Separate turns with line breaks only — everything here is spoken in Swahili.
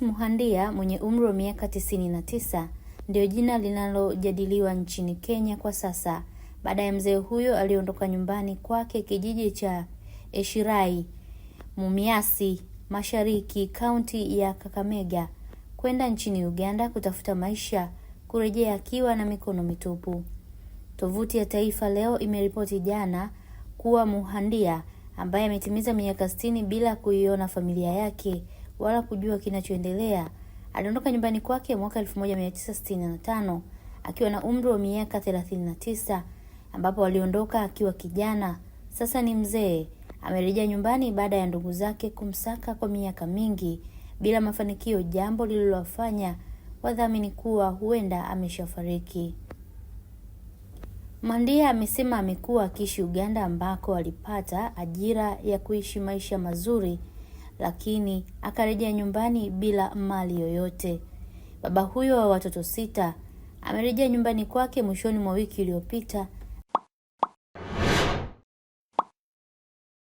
Muhandia mwenye umri wa miaka 99 ndio jina linalojadiliwa nchini Kenya kwa sasa baada ya mzee huyo aliondoka nyumbani kwake kijiji cha Eshirai, Mumiasi, Mashariki, kaunti ya Kakamega kwenda nchini Uganda kutafuta maisha, kurejea akiwa na mikono mitupu. Tovuti ya Taifa Leo imeripoti jana kuwa Muhandia ambaye ametimiza miaka sitini bila kuiona familia yake wala kujua kinachoendelea. Aliondoka nyumbani kwake mwaka 1965 akiwa na umri wa miaka 39, ambapo aliondoka akiwa kijana, sasa ni mzee. Amerejea nyumbani baada ya ndugu zake kumsaka kwa miaka mingi bila mafanikio, jambo lililowafanya wadhamini kuwa huenda ameshafariki. Mandia amesema amekuwa akiishi Uganda ambako alipata ajira ya kuishi maisha mazuri lakini akarejea nyumbani bila mali yoyote. Baba huyo wa watoto sita amerejea nyumbani kwake mwishoni mwa wiki iliyopita